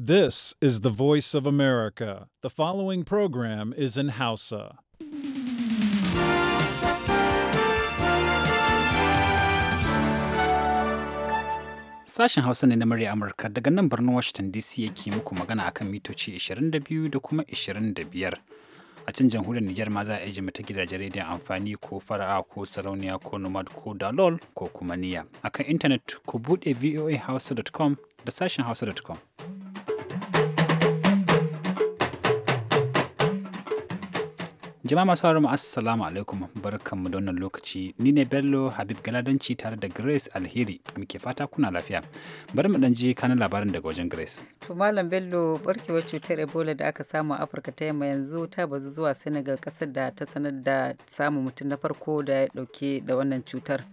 This is the voice of America. The following program is in Hausa. Sashen Hausa ne na murya Amurka daga nan birnin Washington DC yake muku magana akan mitoci 22 da kuma 25. a can jamhuriyar Nijar ma za a iya mata gidajen rediyon amfani ko fara'a ko sarauniya ko nomad ko dalol ko kuma niya. Akan intanet ku buɗe voahausa.com da sashen hausa.com. Jama'a masu haramu assalamu alaikum barkanmu da wannan lokaci ni ne Bello Habib Galadanci tare da Grace Alheri muke fata kuna lafiya. Bari mu dan ji kanan labarin daga wajen Grace. To Malam Bello barkewar cutar Ebola da aka samu a Afirka ta yamma yanzu ta bazu zuwa Senegal kasar da ta sanar da samun mutum na farko da ya dauke da wannan cutar.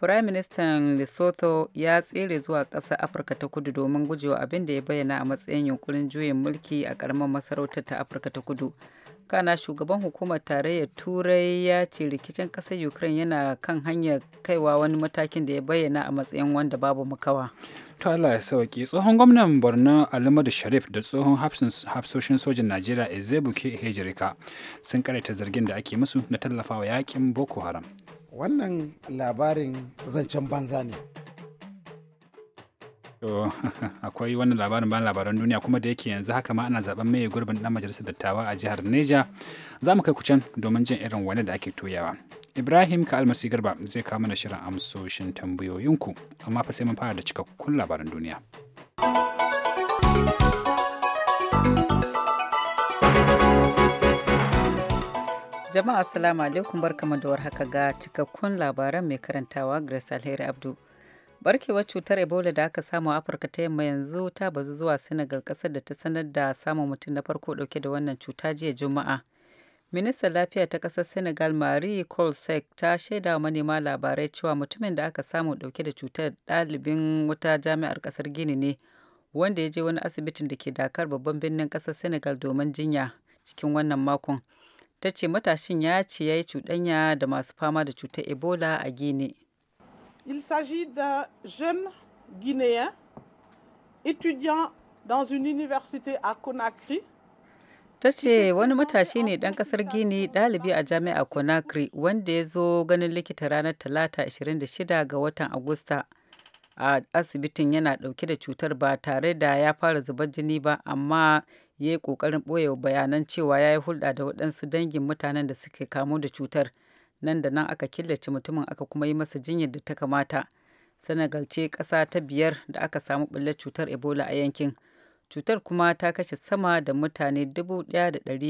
Prime Minister Lesotho ya tsere zuwa ƙasar Afirka ta kudu domin gujewa abin da ya bayyana a matsayin yunkurin juyin mulki a ƙaramin masarautar ta Afirka ta kudu. kana shugaban hukumar tarayyar turai ya ce rikicin ƙasar ukraine yana kan hanyar kaiwa wani matakin da ya bayyana a matsayin wanda babu makawa to ya sauke tsohon gwamnan Borno Alimadu Sharif da tsohon hafsoshin sojin Najeriya Ezebuke Hejirika sun karanta zargin da ake musu na tallafawa yakin Boko Haram wannan labarin zancen banza ne akwai wannan labarin bayan labaran duniya kuma da yake yanzu haka ma ana zaben mai gurbin dan majalisar dattawa a jihar Neja za mu kai ku can domin jin irin wani da ake toyawa. Ibrahim ka almasi garba zai kawo mana shirin amsoshin tambayoyinku amma fa sai mun fara da cikakkun labaran duniya. Jama'a assalamu alaikum barkamu da warhaka ga cikakkun labaran mai karantawa Grace Alheri Abdu. barkewar cutar ebola da aka samu a afirka ta yamma yanzu ta bazu zuwa senegal kasar da ta sanar da samun mutum na farko dauke da wannan cuta jiya juma'a ministan lafiya ta kasar senegal marie colsec ta shaida manema labarai cewa mutumin da aka samu dauke da cutar ɗalibin wata jami'ar kasar gini ne wanda ya je wani asibitin da ke dakar babban birnin kasar senegal domin jinya cikin wannan makon ta ce matashin ya ce ya yi cuɗanya da masu fama da cutar ebola a gini Il s'agit d'un jeune Guinéen, étudiant dans une université à Conakry, ta ce wani matashi ne dan kasar gini dalibi a jami'a conakry wanda ya zo ganin likita ranar talata 26 ga watan agusta a asibitin yana dauke da cutar ba tare da ya fara zubar jini ba amma ya yi kokarin ɓoye bayanan cewa ya yi hulɗa da waɗansu dangin mutanen da suke kamu da cutar nan da nan aka killace mutumin aka kuma yi masa jinyar da ta kamata senegal ce ƙasa ta biyar da aka samu ɓullar cutar ebola a yankin cutar kuma ta kashe sama da mutane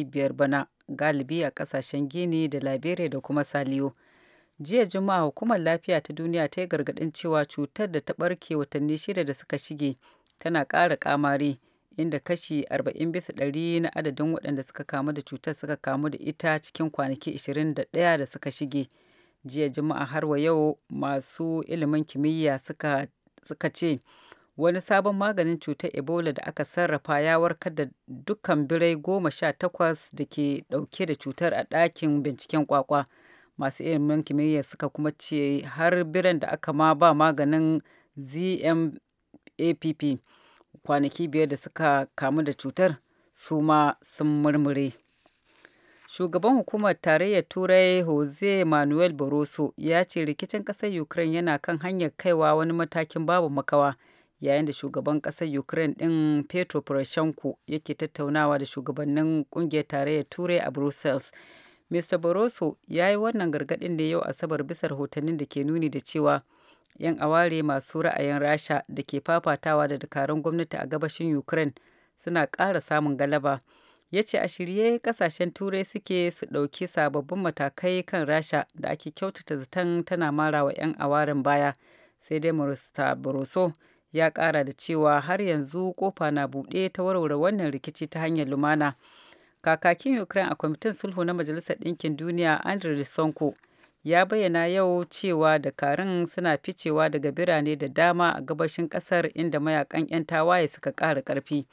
biyar bana galibi a ƙasashen gini da liberia da kuma saliyo jiya juma'a hukumar lafiya ta duniya ta yi gargaɗin cewa cutar da ta ɓarke watanni shida da suka shige tana ƙara ƙamari. inda kashi 40 bisa ɗari na adadin waɗanda suka kamu da cutar suka kamu da ita cikin kwanaki 21 da suka shige. Jiya Juma'a har wa yau masu ilimin kimiyya suka, ce wani sabon maganin cutar Ebola da aka sarrafa ya warkar da dukkan birai goma sha takwas da ke ɗauke da cutar a ɗakin binciken kwakwa. Masu ilimin kimiyya suka kuma ce har biran da aka ma ba maganin ZMAPP kwanaki biyar da suka kamu da cutar su ma sun murmure shugaban hukumar tarayyar turai jose manuel barroso ya ce rikicin ƙasar ukraine yana kan hanyar kaiwa wani matakin babu makawa yayin da shugaban ƙasar ukraine ɗin petro poroshenko yake tattaunawa da shugabannin ƙungiyar tarayyar turai a brussels mr barroso ya yi wannan gargaɗin da yau asabar bisa rahotannin da ke nuni da cewa 'yan aware masu ra'ayin rasha da ke fafatawa da dakarun gwamnati a gabashin ukraine suna ƙara samun galaba ya ce a shirye kasashen turai suke su ɗauki sababbin matakai kan rasha da ake kyautata zaton tana marawa 'yan awarin baya sai dai marista buruso ya ƙara da cewa har yanzu kofa na buɗe ta warware wannan rikici ta hanyar lumana kakakin ukraine a kwamitin sulhu na majalisar ɗinkin duniya andriy sonko ya bayyana yau cewa dakarun suna ficewa daga birane da dama a gabashin kasar inda mayakan 'yan tawaye suka ƙara ƙarfi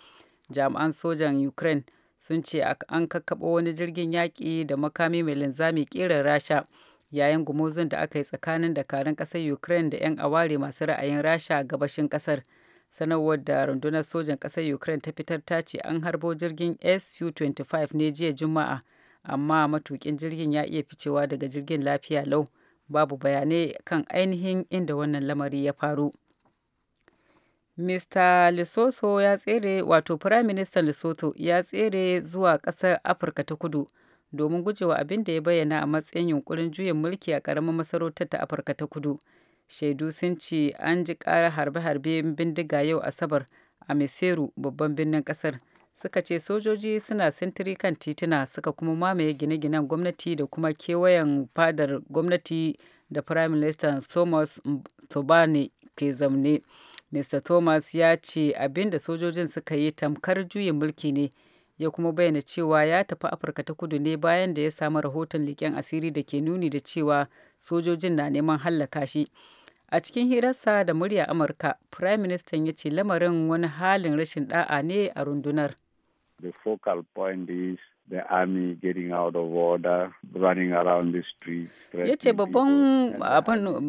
jami'an sojan ukraine sun ce an kakkaɓo wani jirgin yaƙi da makami mai linzami ƙirar rasha yayin gumuzun da aka yi tsakanin dakarun ƙasar ukraine da 'yan aware masu ra'ayin rasha a gabashin ƙasar sanarwar da rundunar sojan ƙasar ukraine ta fitar ta ce an harbo jirgin su-25 ne jiya juma'a amma matukin jirgin ya iya ficewa daga jirgin lafiya lau babu bayanai kan ainihin inda wannan lamari ya faru Mr. Lesotho ya tsere wato Prime Minister Lesotho ya tsere zuwa ƙasar Afirka ta kudu domin gujewa abin da ya bayyana a matsayin yunkurin juyin mulki a ƙaramin masarautar ta Afirka ta kudu. Shaidu sun ce an ji ƙara harbe-harbe bindiga yau Asabar a Meseru babban birnin ƙasar suka ce sojoji suna sintiri kan tituna suka kuma mamaye gine-ginen gwamnati da kuma kewayen fadar gwamnati da prime minister thomas tobane ke zamne mr thomas ya ce abin da sojojin suka yi tamkar juyin mulki ne ya kuma bayyana cewa ya tafi afirka ta kudu ne bayan da ya samu rahoton leƙen asiri da ke nuni da cewa sojojin na neman hallaka shi a cikin hirarsa da murya amurka prime minister ya ce lamarin wani halin rashin da'a ne a rundunar The focal point is the army getting out of order, running around the streets. Ya ce babban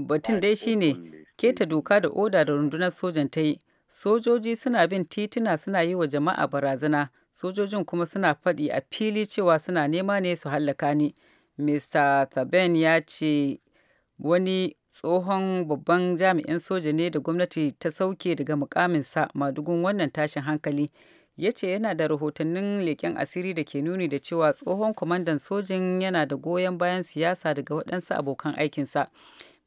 batun dai shine keta doka da oda da rundunar sojan ta yi. Sojoji suna bin tituna suna yi wa jama'a barazana, sojojin kuma suna faɗi a fili cewa suna nema ne su hallaka ni. Mr. Thaben ya ce wani tsohon babban jami'in soja ne da gwamnati ta sauke daga mukaminsa madugun wannan tashin hankali. ya ce yana da rahotannin leƙen asiri da ke nuni da cewa tsohon kwamandan sojin yana da goyon bayan siyasa daga waɗansu abokan aikinsa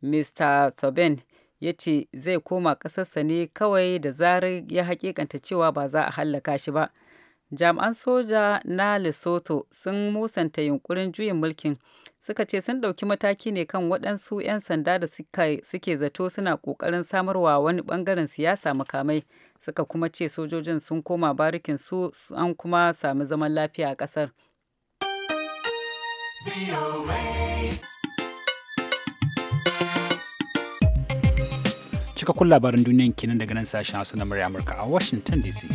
mr thoben ya ce zai koma ƙasarsa ne kawai da zarar ya haƙiƙanta cewa ba za a hallaka shi ba jami'an soja na lesotho sun musanta yunkurin juyin mulkin suka ce sun ɗauki mataki ne kan waɗansu 'yan sanda da suke zato suna ƙoƙarin samarwa wani ɓangaren siyasa makamai suka kuma ce sojojin sun koma barikin su an kuma sami zaman lafiya a ƙasar. Cikakkun labarin duniyan kenan daga nan sashen Hausa na murya Amurka a Washington DC.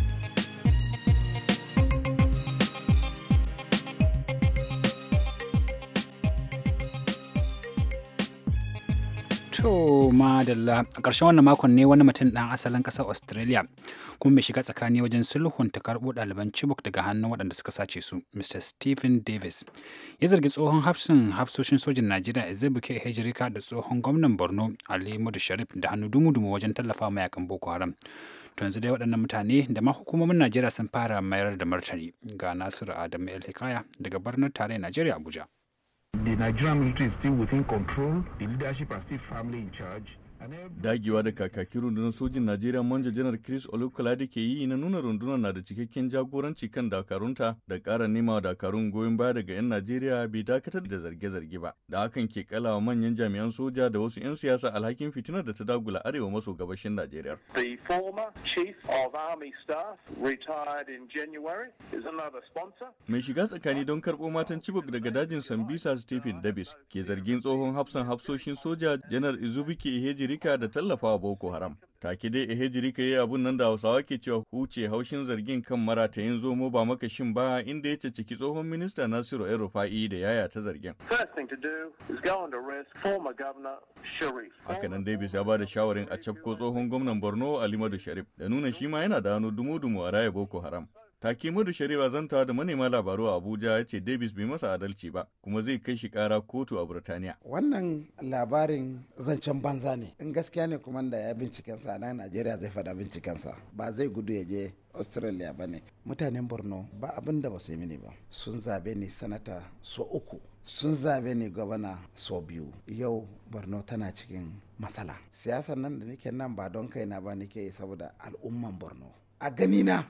To madalla a ƙarshen wannan makon ne wani mutum ɗan asalin ƙasar Australia kuma mai shiga tsakani wajen sulhun ta karɓo ɗaliban Chibok daga hannun waɗanda suka sace su Mr. Stephen Davis ya zargi tsohon hafsin hafsoshin sojin Najeriya Ke Hejirika da tsohon gwamnan Borno Ali Madu Sharif da hannu dumu-dumu wajen tallafa wa mayakan Boko Haram. To yanzu dai waɗannan mutane da ma hukumomin Najeriya sun fara mayar da martani ga Nasiru Adamu El Hikaya daga birnin tare Najeriya Abuja. The Nigerian military is still within control. The leadership are still firmly in charge. dagewa da kakakin rundunar sojin najeriya manja janar chris da ke yi na nuna rundunar na da cikakken jagoranci kan dakarunta da ƙara nema wa dakarun goyon baya daga 'yan najeriya bai dakatar da zarge-zarge ba da hakan ke kalawa manyan jami'an soja da wasu 'yan siyasa alhakin fitinar da ta dagula arewa maso gabashin najeriya mai shiga tsakani don karɓo matan cibok daga dajin sambisa stephen davis ke zargin tsohon hafsan hafsoshin soja janar ke heji hijirika da tallafawa Boko Haram. Take dai hijirika ya yi abun nan da Hausawa ke cewa huce haushin zargin kan maratayin zomo ba makashin ba inda ya ciki tsohon minista Nasiru El Rufa'i da yaya ta zargin. Hakanan Davis ya ba da shawarin a cafko tsohon gwamnan Borno alimadu Sharif da nuna shi ma yana da hannu dumu-dumu a raya Boko Haram. mudu Shari'a zanta da manema labaru a Abuja ya ce Davis bai masa adalci ba kuma zai kai shi kara kotu a Burtaniya. Wannan labarin zancen banza ne. In gaskiya ne kuma da ya binciken sa na Najeriya zai faɗa bincikensa ba zai gudu ya je Australia ba ne. Mutanen Borno ba abin da ba su yi mini ba. Sun zabe ni sanata so uku. Sun zabe ni gwamna so biyu. Yau Borno tana cikin matsala. Siyasar nan da nake nan ba don kaina ba nake yi saboda al'umman Borno. a gani na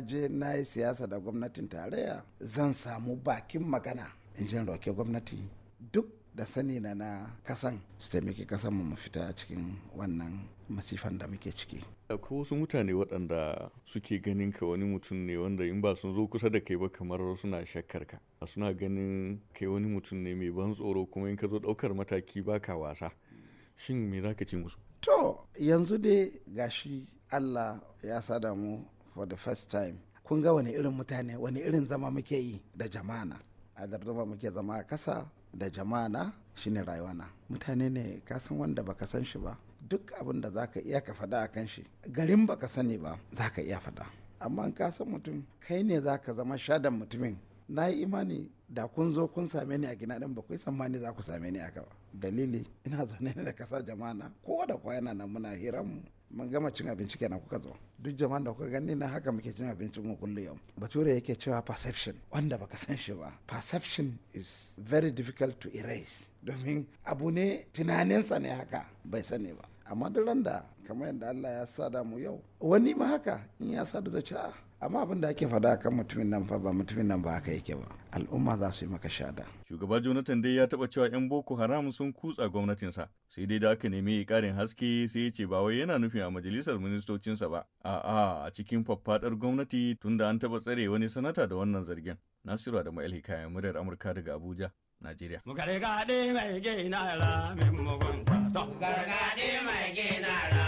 je na yi siyasa da gwamnatin tarayya zan samu bakin magana in jin roke gwamnati duk da sani na na kasan su taimaki kasan mu fita cikin wannan masifan da muke ciki. Akwai wasu mutane waɗanda suke ganin ka wani mutum ne wanda in ba sun zo kusa da kai ba kamar suna shakkar ka. Suna ganin kai wani mutum ne mai ban tsoro kuma in ka zo ɗaukar mataki ba ka wasa. Shin me za ka ce musu? to yanzu dai gashi allah ya sada mu for the first time kun ga wani irin mutane wani irin zama muke yi da jama'ana a zama muke zama a kasa da jama'ana shine rayuwana mutane ne kasan wanda baka san shi ba duk abin da ka iya ka faɗa a kan shi garin baka sani ba za ka iya faɗa amma kasan mutum kai ne za ka zama shadan mutumin na yi imani da kun zo kun same ni a gina ɗin ba ku tsammani za ku same ni a ba dalili ina zaune ne da kasa jama'a na kowa da kwayana yana nan muna hiran mu mun gama cin abinci kenan kuka zo duk jama'an da kuka gani na haka muke cin abinci mu kullum yau bature yake cewa perception wanda baka san shi ba perception is very difficult to erase domin abu ne tunaninsa ne haka bai sani ba amma duk da kamar yadda Allah ya sa da mu yau wani ma haka in ya sa da zai ah, amma abin da ake fada kan mutumin nan fa ba mutumin nan ba aka yake ba al'umma za su yi maka shada shugaba jonathan dai ya taba cewa yan boko haram sun kutsa gwamnatinsa sai dai da aka nemi karin haske sai ya ce ba wai yana nufin a majalisar ministocinsa ba a'a a cikin faffadar gwamnati tunda an taba tsare wani sanata da wannan zargin nasiru da ma'il kayan muryar amurka daga abuja najeriya mai gina mai gina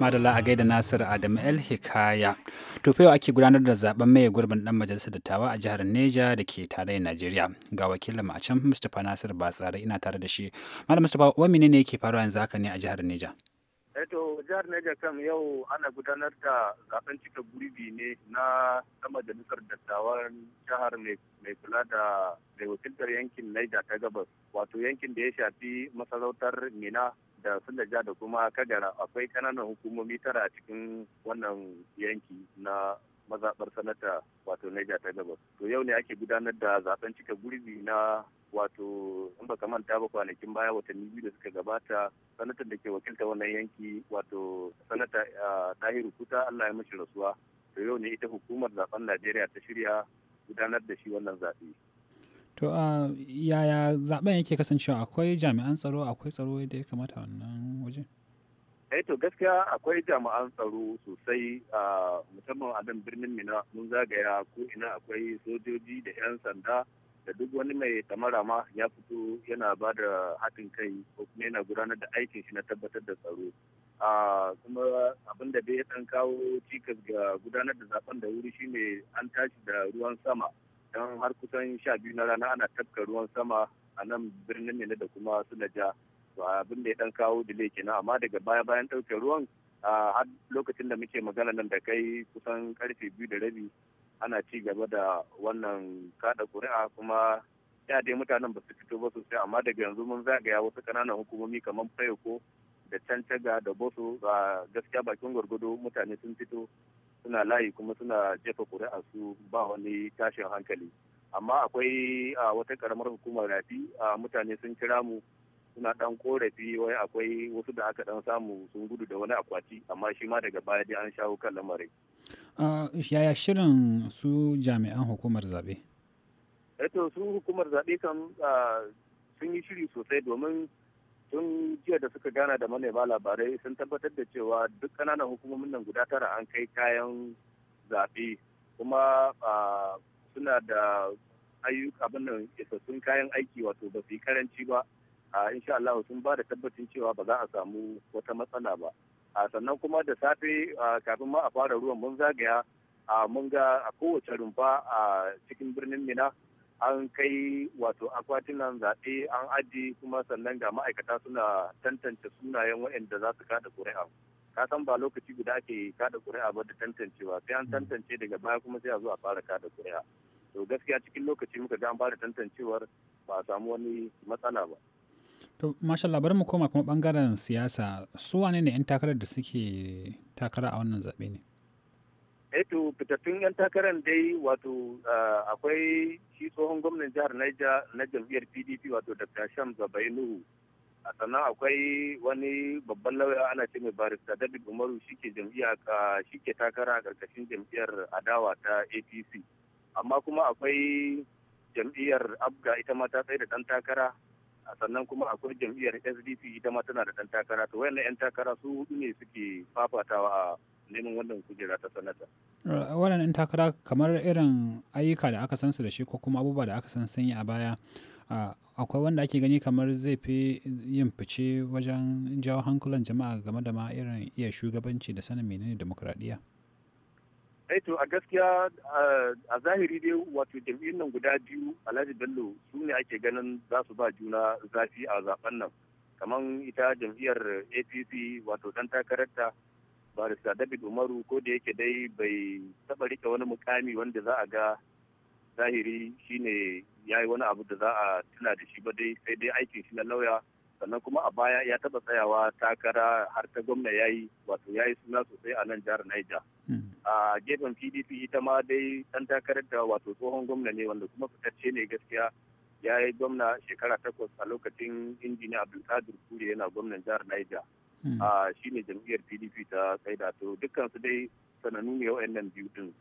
madala a gaida nasir adamu el hikaya to yau ake gudanar da zaben mai gurbin dan majalisar dattawa a jihar neja da ke tare da najeriya ga wakilin a can mustapha nasir ba tsare ina tare da shi malam mustapha wani ne yake faruwa yanzu haka ne a jihar neja eto eh jihar neja kam yau ana gudanar da zaben cika gurbi ne na ta majalisar dattawan jihar mai kula da mai wakiltar yankin Neja ta gabas wato yankin da ya shafi masarautar mina da sulaja da kuma kagara akwai kananan hukumomi tara a cikin wannan yanki na mazaɓar sanata wato Niger ta gabas. To yau ne ake gudanar da zaben cika gurbi na wato in baka manta ba kwanakin baya watanni biyu da suka gabata sanatar da ke wakilta wannan yanki wato sanata Tahiru Kuta Allah ya mashi rasuwa. To yau ne ita hukumar zaben Najeriya ta shirya gudanar da shi wannan zaɓe. To uh, yaya zaben yake kasancewa akwai jami'an tsaro akwai tsaro da ya kamata wannan waje? Eh to gaskiya akwai jami'an tsaro sosai a musamman a birnin Mina mun zagaya ko ina akwai sojoji da 'yan sanda da duk wani mai tamara ma ya fito yana ba da haɗin kai ko kuma yana gudanar da aikin shi na tabbatar da tsaro. kuma abin da bai ya kawo cikas ga gudanar da zaben da wuri shine an tashi da ruwan sama. don har kusan sha biyu na rana ana tafka ruwan sama a nan birnin ne da kuma suna to abin da ya dan kawo delay kenan amma daga baya bayan ɗauke ruwan har lokacin da muke magana nan da kai kusan karfe biyu da rabi ana ci gaba da wannan kada kuri'a kuma ya dai mutanen ba su fito ba sosai amma daga yanzu mun zagaya wasu kananan hukumomi kamar fayoko da cancaga da boso gaskiya bakin gwargwado mutane sun fito suna layi kuma suna jefa ƙuri'a su ba wani tashin hankali amma akwai a wata karamar hukumar rafi a mutane sun kira mu suna dan korafi wai akwai wasu da aka dan samu sun gudu da wani akwati amma shi ma daga baya dai an shawo kan lamarin yaya shirin su jami'an hukumar zabe eto eh su hukumar zabe kan sun yi shiri sosai domin tun jiya da suka gana da manema labarai sun tabbatar da cewa duk kananan hukumomin nan guda tara an kai kayan zaɓe kuma suna da ayyuka abin nan isassun kayan aiki wato ba su yi karanci ba a insha Allah sun ba da tabbacin cewa ba za a samu wata matsala ba a sannan kuma da safe kafin ma a fara ruwan mun zagaya mun ga a kowace rumfa a cikin birnin Mina an kai wato akwatunan zaɓe an aji kuma sannan ga ma'aikata suna tantance sunayen waɗanda za su kada ƙuri'a ka san ba lokaci guda ake kada ƙuri'a ba da tantancewa sai an mm. tantance daga baya kuma sai a zo a fara kada ƙuri'a to gaskiya cikin lokaci muka ga an fara tantancewar ba a samu wani matsala ba to masha labarin mu koma kuma bangaren siyasa su wane ne 'yan takarar da suke takara a wannan zaɓe ne eto fitattun 'yan takarar dai wato ah, akwai shi tsohon gwamnan jihar Niger na jam'iyyar PDP wato Dr. Sham Zabainuhu. A sannan akwai wani babban lauya ana ce mai barista David Umaru shike jam'iyya ah, shike takara a karkashin jam'iyyar adawa ta APC. Amma kuma akwai jam'iyyar Abga ita ma ta tsaye da ɗan takara a sannan kuma akwai jam'iyyar SDP ita ma tana da ɗan takara to wayannan 'yan takara su hudu ne suke fafatawa a neman wannan kujera ta sanata. waɗannan takara kamar irin ayyuka da aka san su da shi ko kuma abubuwa da aka san sun yi a baya akwai wanda ake gani kamar zai fi yin fice wajen jawo hankulan jama'a game da ma irin iya shugabanci da sanin menene demokradiyya. eh a gaskiya a zahiri dai wato jam'iyyun nan guda biyu alhaji bello su ne ake ganin za su ba juna zafi a zaben nan kamar ita jam'iyyar apc wato dan takararta barista david umaru ko da yake dai bai taba rike wani mukami wanda za a ga zahiri shine ya yi wani abu da za a tuna da shi ba dai sai dai aikin shi na lauya sannan kuma a baya ya taba tsayawa takara har ta gwamna ya yi wato ya yi suna sosai a nan jihar Niger. Hmm. A gefen PDP ita ma dai ɗan takarar da wato tsohon gwamna ne wanda kuma fitacce ne gaskiya ya yi gwamna shekara takwas a lokacin injiniya Abdulkadir Kure yana gwamnan jihar Niger. Hmm. Ah, shi ne jam'iyyar pdp ta tsaida to dukkan su dai sanannu ne wa'annan biyu din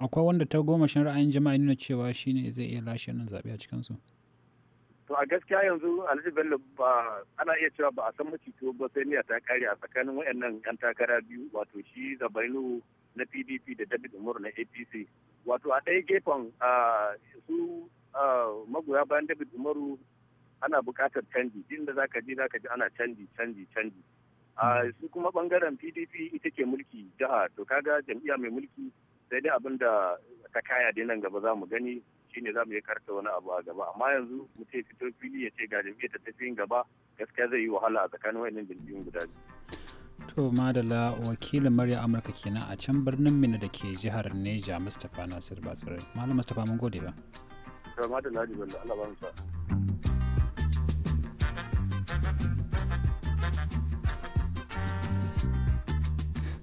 akwai wanda ta goma shan ra'ayin jama'a nuna cewa shi ne zai iya lashe nan zaɓe a cikin su. to a gaskiya yanzu alhaji bello ba ana iya cewa ba a san to ba sai niyya ta kare a tsakanin wayannan yan takara biyu wato shi zabainu na pdp da david umaru na apc wato a ɗaya gefen ah, su ah, magoya bayan david umaru ana buƙatar canji inda ka ji za ka ji ana canji canji canji a hmm. su kuma bangaren pdp ita ke mulki jiha to kaga jam'iyya mai mulki sai dai abin da ta kaya dai nan gaba za mu gani shine za mu yi karta wani abu a gaba amma yanzu mu ce fito fili ya ce ga jam'iyyar ta tafi yin gaba gaskiya zai yi wahala a tsakanin wayannan jam'iyyun guda biyu to madala wakilin murya amurka kenan a can birnin mina da ke jihar neja mustapha nasir batsirai malam mustapha mun gode ba to madala allah ba mu sa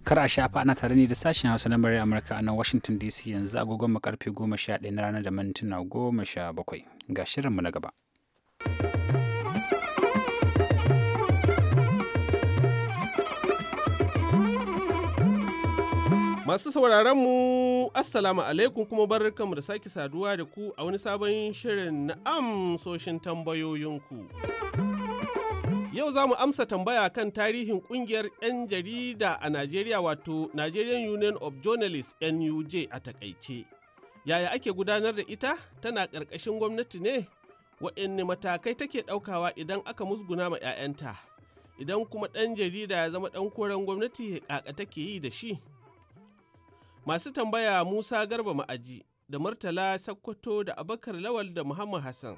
kar a shafa ana tare ne da sashen hausa na murya amurka a nan washington dc yanzu agogon mu karfe goma sha ɗaya na ranar da mintuna goma ga shirinmu na gaba Masu sauraron mu Assalamu alaikum kuma barkanmu da sake saduwa da ku a wani sabon shirin na amsoshin tambayoyinku. Yau za mu amsa tambaya kan tarihin kungiyar 'yan jarida a Najeriya wato Nigerian Union of Journalists NUJ a takaice. Yaya ake gudanar da ita? Tana ƙarƙashin gwamnati ne? Waɗanne matakai take ɗaukawa idan aka musguna ma 'ya'yanta? Idan kuma ɗan jarida ya zama ɗan koren gwamnati ƙaƙa take yi da shi? Masu tambaya Musa Garba Ma'aji da Murtala Sakkwato da Abakar Lawal da Muhammad Hassan.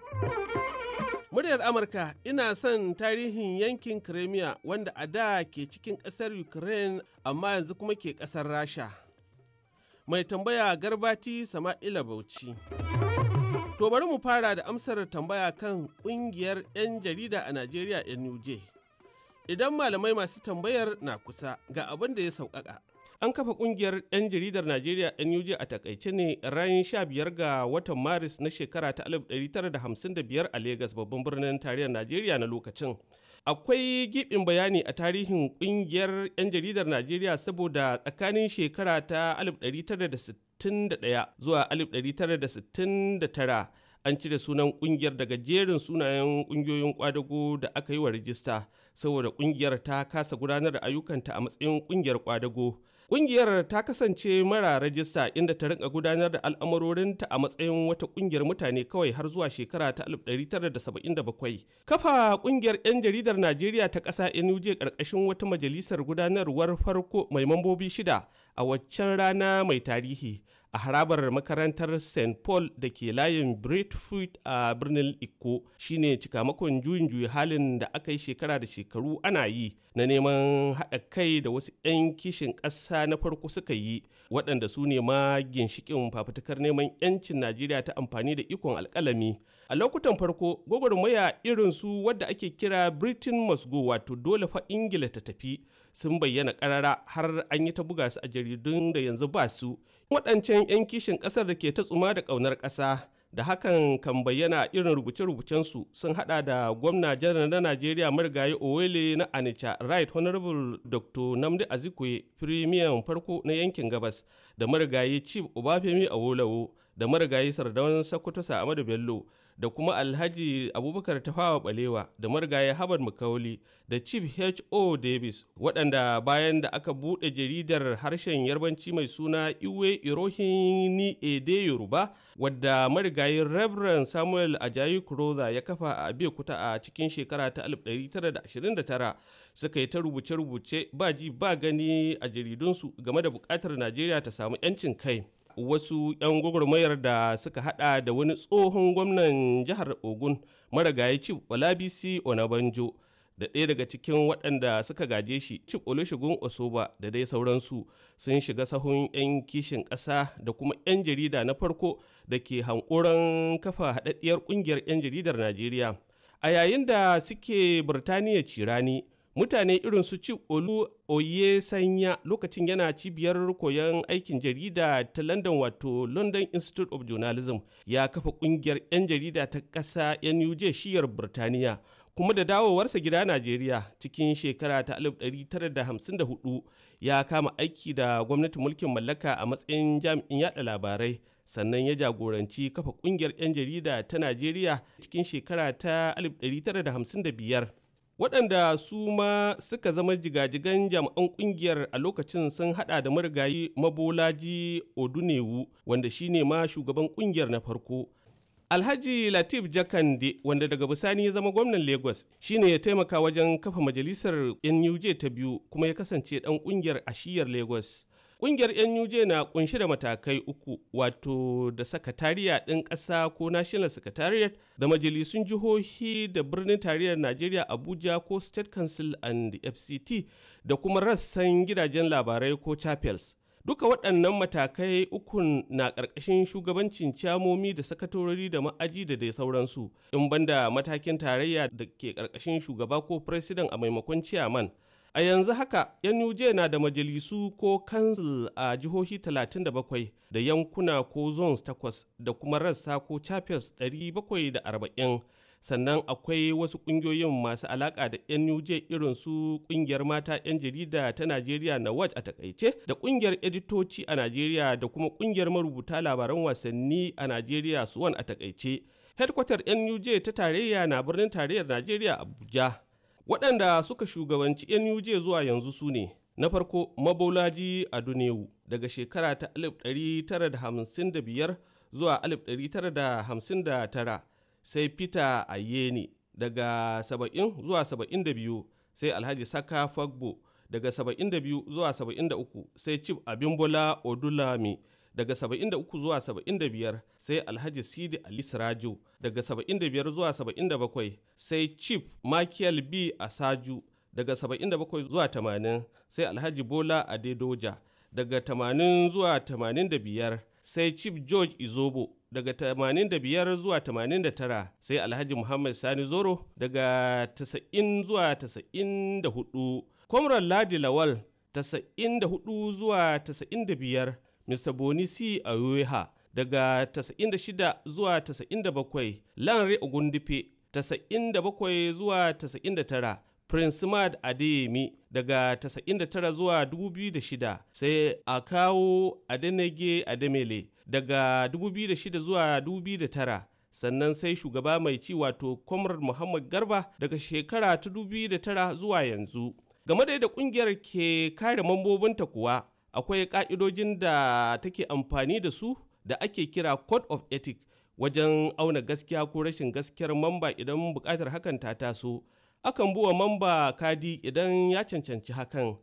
Muryar Amurka ina son tarihin yankin Crimea wanda a da ke cikin ƙasar Ukraine amma yanzu kuma ke ƙasar Rasha. Mai tambaya garbati Sama'ila Bauchi. To bari mu fara da amsar tambaya kan ƙungiyar 'yan jarida a Najeriya NUJ. Idan malamai masu tambayar na kusa ga abin da ya sauƙaƙa. An kafa kungiyar 'yan jaridar Najeriya NUJ a takaice ne ranar 15 ga watan Maris na shekara ta 1955 a Legas babban birnin tarayyar Najeriya na lokacin. Akwai gibin bayani a tarihin kungiyar 'yan jaridar Najeriya saboda tsakanin shekara ta 1961 zuwa 1969 an cire sunan kungiyar daga jerin sunayen kungiyoyin kwadago da aka yi wa rijista saboda kungiyar ta kasa gudanar da ayyukanta a matsayin kungiyar kwadago Ƙungiyar ta kasance mara rajista inda ta rinka gudanar da al'amurorinta a matsayin wata ƙungiyar mutane kawai har zuwa shekara ta 1977. Kafa ƙungiyar 'yan jaridar Najeriya ta ƙasa Enuje ƙarƙashin wata majalisar gudanarwar farko mai mambobi shida a waccan rana mai tarihi a harabar makarantar st paul da ke layin brentford a birnin iko shine cikamakon juyin juyi halin da aka yi shekara da shekaru ana yi na neman haɗa kai da wasu 'yan kishin ƙasa na farko suka yi waɗanda su ne ma ginshikin fafutukar neman 'yancin najeriya ta amfani da ikon alkalami. a lokutan farko gwagwarmaya irin su wadda ake kira britain must go wato dole fa ingila ta tafi sun bayyana ƙarara har an yi ta buga su a jaridun da yanzu ba su waɗancan 'yan kishin ƙasar da ke ta tsuma da ƙaunar ƙasa da hakan kan bayyana irin rubuce-rubucensu sun hada da gwamna janar na najeriya marigayi owele na anicha right honorable dr namdi azikwe firimiyan farko na yankin gabas da marigayi chief obafemi awolawo da marigayi sardawan sakkwato sa'amadu bello da kuma alhaji abubakar tafawa balewa da marigayi habar mukauli da chief ho davis waɗanda bayan da aka buɗe jaridar harshen yarbanci mai suna iwe irohini ede yoruba wadda marigayi reverend samuel ajayi kuroza ya kafa a kuta a cikin shekara ta 1929 suka yi ta rubuce-rubuce ba ji ba gani a jaridunsu game da buƙatar najeriya ta samu 'yancin kai wasu 'yan gwagwarmayar da suka hada da wani tsohon gwamnan jihar ogun marigayi chief olabisi onabanjo da ɗaya daga cikin waɗanda suka gaje shi chief olusegun osoba da dai sauransu sun shiga sahun 'yan kishin ƙasa da kuma 'yan jarida na farko da ke hankoron kafa haɗaɗɗiyar ƙungiyar 'yan jaridar najeriya a yayin da suke birtaniya cirani mutane irin su ci olu oye sanya lokacin yana cibiyar koyon aikin jarida ta london wato london institute of journalism ya kafa kungiyar 'yan jarida ta ƙasa nuj shiyar birtaniya kuma da dawowarsa gida najeriya cikin shekara ta 1954 ya kama aiki da gwamnatin mulkin mallaka a matsayin jami'in yada labarai sannan ya jagoranci kafa kungiyar 'yan jarida ta najeriya cikin shekara ta 1955 waɗanda su ma suka zama jigajigan jami'an ƙungiyar a lokacin sun haɗa da marigayi mabolaji odunewu wanda shi ne ma shugaban ƙungiyar na farko alhaji latif jakande wanda daga bisani ya zama gwamnan lagos shi ne ya taimaka wajen kafa majalisar nuj ta biyu kuma ya kasance ɗan ƙungiyar ashiyar lagos Ƙungiyar NUJ na kunshi da matakai uku wato da sakatariya ɗin ƙasa ko National Secretariat da majalisun jihohi da birnin tarayyar Najeriya Abuja ko State Council and FCT da kuma rassan gidajen labarai ko chapels. Duka waɗannan matakai ukun na ƙarƙashin shugabancin camomi da sakatorori da ma'aji da dai sauransu, in banda matakin tarayya da ke ƙarƙashin shugaba ko firesidan a maimakon ciyaman. A yanzu haka, 'yan Uje na da majalisu ko kansil a jihohi 37 da yankuna ko zones 8 da kuma rassa ko chapters 740. Sannan akwai wasu ƙungiyoyin masu alaƙa da 'yan Uje irin su ƙungiyar mata 'yan jarida ta Najeriya na WAT a takaice da ƙungiyar editoci a Najeriya da kuma ƙungiyar marubuta labaran wasanni a Najeriya Suwan a takaice. Hedkwatar NUJ ta tarayya na birnin tarayyar Najeriya Abuja. waɗanda suka shugabanci yan nuj zuwa yanzu su ne na farko mabolaji a duniyu daga shekara ta 1955 zuwa 1959 sai peter ayeni daga 70 zuwa 72 sai alhaji saka fagbo daga 72 zuwa 73 sai chief abimbola odulami daga 73 zuwa 75 sai alhaji sidi ali sirajo daga 75 zuwa 77 sai chief michael b asaju daga 77 zuwa 80 sai alhaji bola adedoja daga 80 zuwa 85 sai chief george izobo daga 85 zuwa 89 sai alhaji muhammad sani zoro daga 90 zuwa 94 kwamran ladi lawal 94 zuwa 95 Mr. Bonisi Arueha daga 96 zuwa 97, Lanre Ogundife 97 zuwa 99, Prince Mad Adeyemi daga 99 zuwa 2006 sai a kawo Adenege Ademele daga 2006 zuwa 2009 sannan sai shugaba mai ci wato Comrade Muhammad Garba daga shekara ta 2009 zuwa yanzu. Game da yadda kungiyar ke kare mambobinta kuwa akwai ƙa'idojin da take amfani da su da ake kira code of ethic wajen auna gaskiya ko rashin gaskiyar mamba idan bukatar hakan ta taso akan buwa mamba kadi idan ya cancanci hakan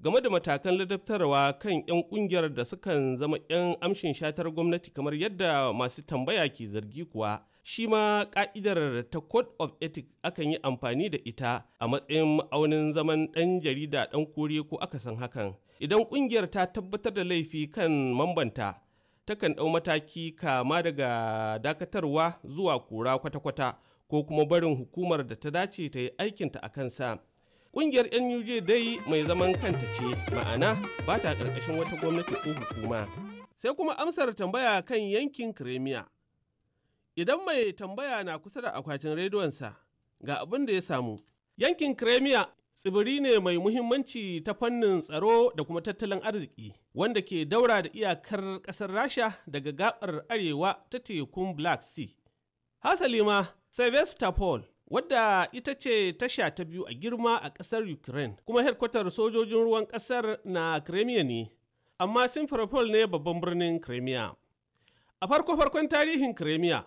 game da matakan ladabtarwa kan 'yan ƙungiyar da sukan zama 'yan amshin shatar gwamnati kamar yadda masu tambaya ke zargi kuwa shi ma ƙa'idar ta code of ethics akan yi amfani da ita a matsayin ma'aunin zaman ɗan jarida ɗan kore ko akasin hakan idan ƙungiyar ta tabbatar da laifi kan mambanta takan ɗau mataki kama daga dakatarwa zuwa kura kwata-kwata ko kuma barin hukumar da ta dace ta yi aikinta a kansa. Ƙungiyar NUJ dai mai zaman kanta ce, ma'ana ba ta ƙarƙashin wata gwamnati ko hukuma. Sai kuma amsar tambaya kan yankin Crimea. Idan mai tambaya na kusa da akwatin rediyonsa ga abin da ya samu. Yankin Kremia tsibiri ne mai muhimmanci ta fannin tsaro da kuma tattalin arziki wanda ke daura da iyakar ƙasar Rasha daga gabar arewa ta tekun Black Sea. Hasali ma, Sevastopol wadda ita ce tasha ta biyu a girma a ƙasar Ukraine kuma headkwatar sojojin ruwan ƙasar na kremia ne, amma Simferopol ne babban birnin Crimea. A farko-farkon tarihin Crimea,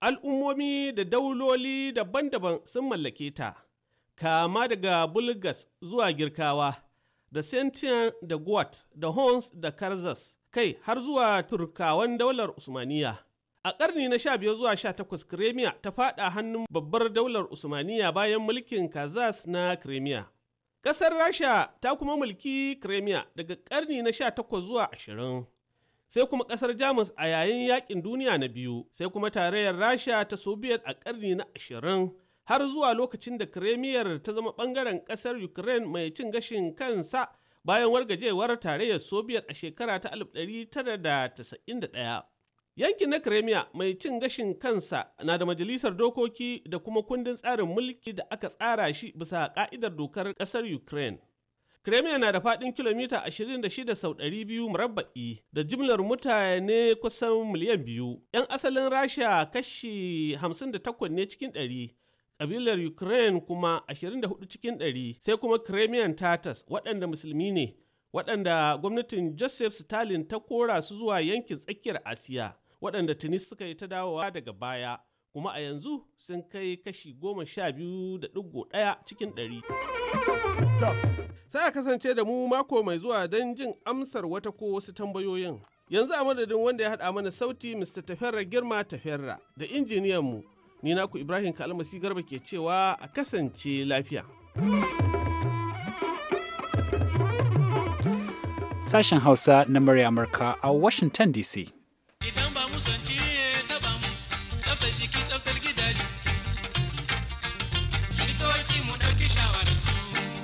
al'ummomi da dauloli daban-daban sun mallake ta, kama daga Bulgas zuwa Girkawa, da Sentian da Guat, da Hons da Karzas, kai har zuwa Turkawan daular Usmaniya. A ƙarni na sha zuwa sha takwas Kremiya ta faɗa hannun babbar daular Usmaniya bayan mulkin Kazas na Kremiya. Ƙasar Rasha ta kuma mulki Kremiya daga ƙarni na sha takwas zuwa ashirin. sai kuma ƙasar jamus a yayin yakin duniya na biyu sai kuma tarayyar rasha ta soviet a ƙarni na ashirin har zuwa lokacin da kremiyar ta zama ɓangaren ƙasar ukraine mai cin gashin kansa bayan wargajewar tarayyar soviet a shekara ta 1991 yankin na Kremiya mai cin gashin kansa na da majalisar dokoki da kuma kundin tsarin mulki da aka tsara shi bisa ka'idar dokar ƙasar ukraine Kremlin na da faɗin kilomita 26 sau 200 murabba'i da jimlar mutane kusan miliyan biyu. 'Yan asalin Rasha kashi 58 ne cikin 100, ƙabilar Ukraine kuma 24 cikin 100, sai kuma Kremlin Tatars waɗanda musulmi ne, waɗanda gwamnatin Joseph Stalin ta kora su zuwa yankin tsakiyar Asiya, waɗanda Tunis suka yi ta dawowa daga baya. kuma a yanzu sun kai kashi goma sha biyu da ɗigo ɗaya cikin ɗari. Sai a kasance da mu mako mai zuwa don jin amsar wata ko wasu tambayoyin. Yanzu a madadin wanda ya haɗa mana sauti Mr. Tafera Girma Tafera da injiniyan mu ni naku Ibrahim Kalmasi Garba ke cewa a kasance lafiya. Sashen Hausa na murya Amurka a Washington DC.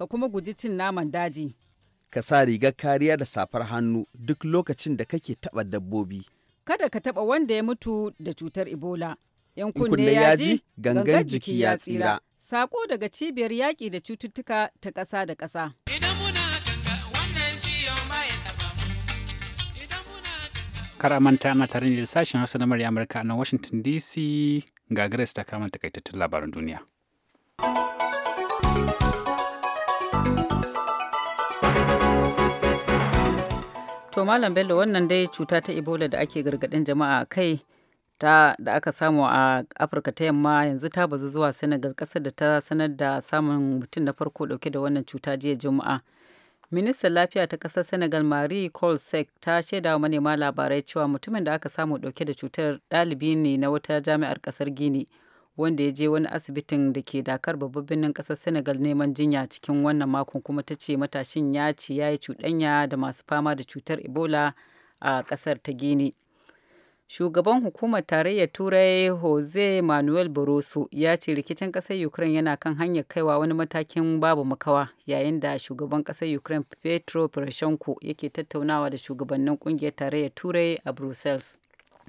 ka kuma guji cin naman daji. Ka sa rigar kariya da safar hannu duk lokacin da kake taɓa dabbobi. Kada ka taɓa wanda ya mutu da cutar Ebola. ‘Yan kunne ya ji, gangan jiki ya tsira. Sako daga cibiyar yaƙi da cututtuka ta ƙasa da ƙasa. kar a manta tare da sashen hausa na amurka a washington dc ga grace ta kama takaitattun labaran duniya To Malam Bello wannan dai cuta ta Ebola da ake gargadin jama'a kai ta da aka samu a Afirka ta yamma yanzu ta bazu zuwa Senegal kasar da ta sanar da samun mutum na farko dauke da wannan cuta jiya Juma'a. Ministan lafiya ta kasar Senegal Marie Colsec ta shaida manema labarai cewa mutumin da aka samu dauke da cutar dalibi ne na wata jami'ar kasar Guinea. wanda ya je wani asibitin da ke dakar babban birnin kasar senegal neman jinya cikin wannan makon kuma ta ce matashin ya ce ya yi cuɗanya da masu fama da cutar ebola a kasar ta gini shugaban hukumar tarayyar turai jose manuel barroso ya ce rikicin kasar ukraine yana kan hanyar kaiwa wani matakin babu makawa yayin da shugaban kasar ukraine petro poroshenko yake tattaunawa da shugabannin kungiyar tarayyar turai a brussels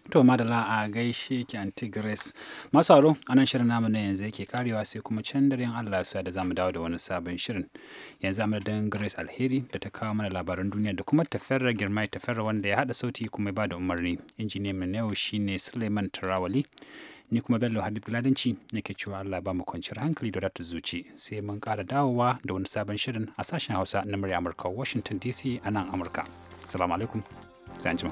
To madala a gaishe ki anti Grace. Masu aro anan shirin namu na yanzu yake karewa sai kuma can daren Allah su da zamu dawo da wani sabon shirin. Yanzu amma dan Grace Alheri da ta kawo mana labaran duniya da kuma tafarra girma tafarra wanda ya hada sauti kuma ya bada umarni. Injiniyan mai yau shine Suleiman Tarawali. Ni kuma Bello Habib Ladanci nake cewa Allah ba mu kwanciyar hankali da ta zuci. Sai mun kara dawowa da wani sabon shirin a sashen Hausa na murya Amurka Washington DC a nan Amurka. Assalamu alaikum. Sai jima.